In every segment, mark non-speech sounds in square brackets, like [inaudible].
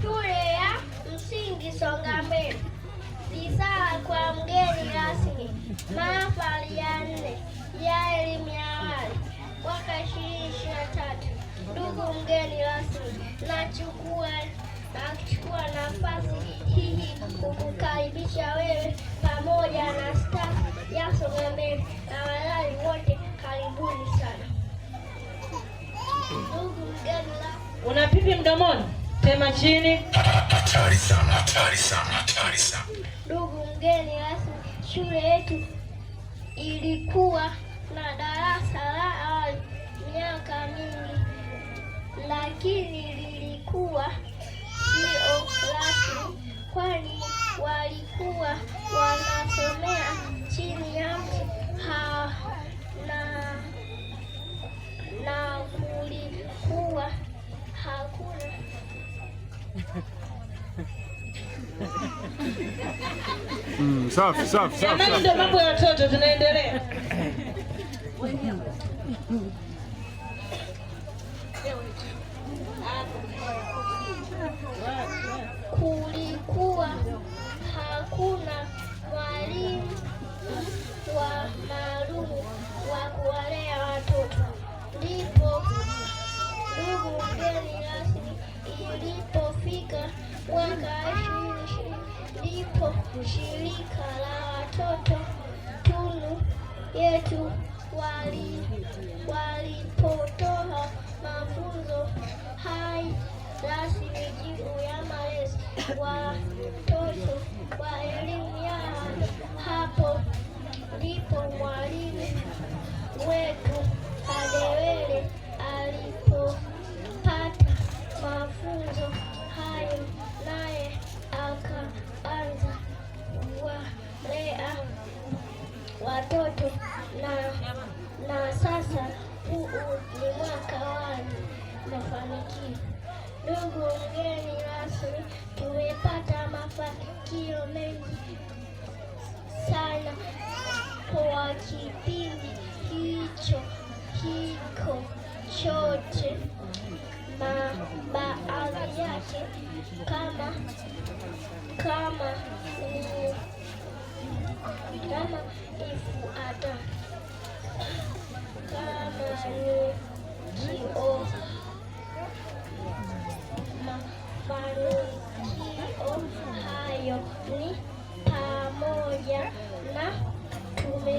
Shule ya Msingi Songambeni. Risala kwa mgeni rasmi. Mahafali ya nne ya elimu ya awali mwaka ishirini ishirini na tatu. Ndugu mgeni rasmi, nachukua nachukua nafasi hii kukukaribisha wewe pamoja na staff ya Songambeni na walali wote, karibuni sana. Ndugu mgeni una pipi mdomoni? Sema chini. Hatari sana, hatari sana, hatari sana. Ndugu mgeni rasmi, shule yetu ilikuwa na darasa la awali miaka mingi, lakini lilikuwa sio rasmi, kwani walikuwa wanasomea Mm, safi safi safi. Jamani ndio mambo ya watoto tunaendelea. Kulikuwa hakuna mwalimu wa maalum wa kuwalea watoto, ndipo ndugu mgeni rasmi ilipofika wakaishi ndipo shirika la watoto tunu yetu walipotoa wali mafunzo hai rasmi juu ya malezi watoto wa elimu ya hapo ndipo mwalimu wetu Adewe sana kwa kipindi hicho hiko chote. Ma, baadhi yake kama kama kama ifuata kama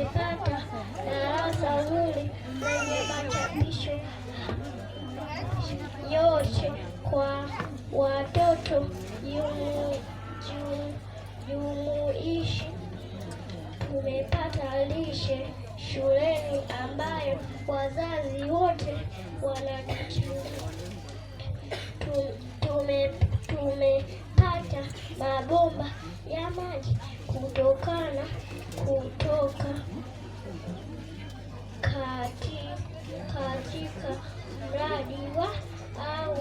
tulipata darasa zuri lenye machapisho yote kwa watoto jumuishi. Tumepata lishe shuleni ambayo wazazi wote wanatuchangia. Tumepata mabomba ya maji kutokana kutoka kati, katika mradi wa au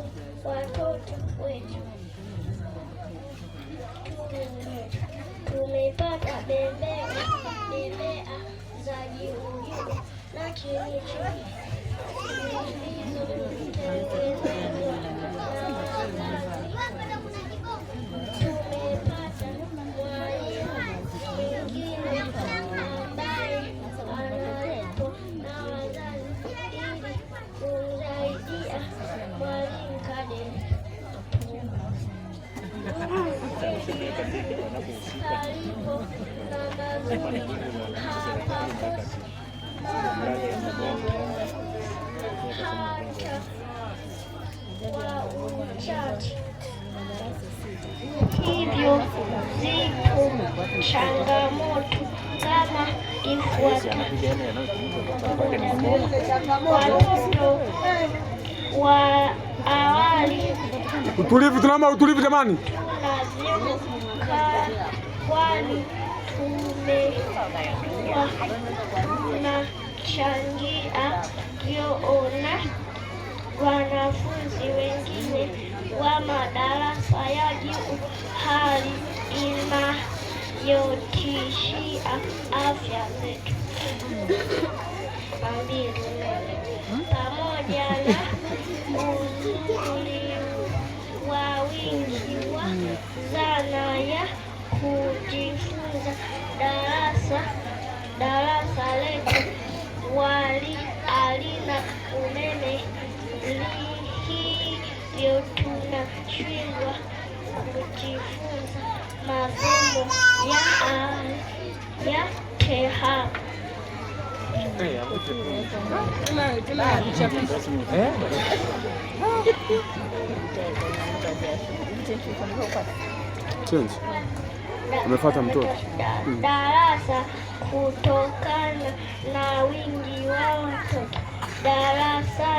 watoto wetu tumepata bembea bembea za jiujiu na kilicho zilizotengenezwa mapambano hilo la hivyo zipo changamoto kama ifuatavyo. Wa awali, utulivu, tunaomba utulivu jamani, kwani wanachangia kuona wanafunzi wengine wa madarasa ya juu, hali inayotishia afya zetu pamoja na [laughs] amefata mtoto darasa kutokana na wingi wa watoto darasa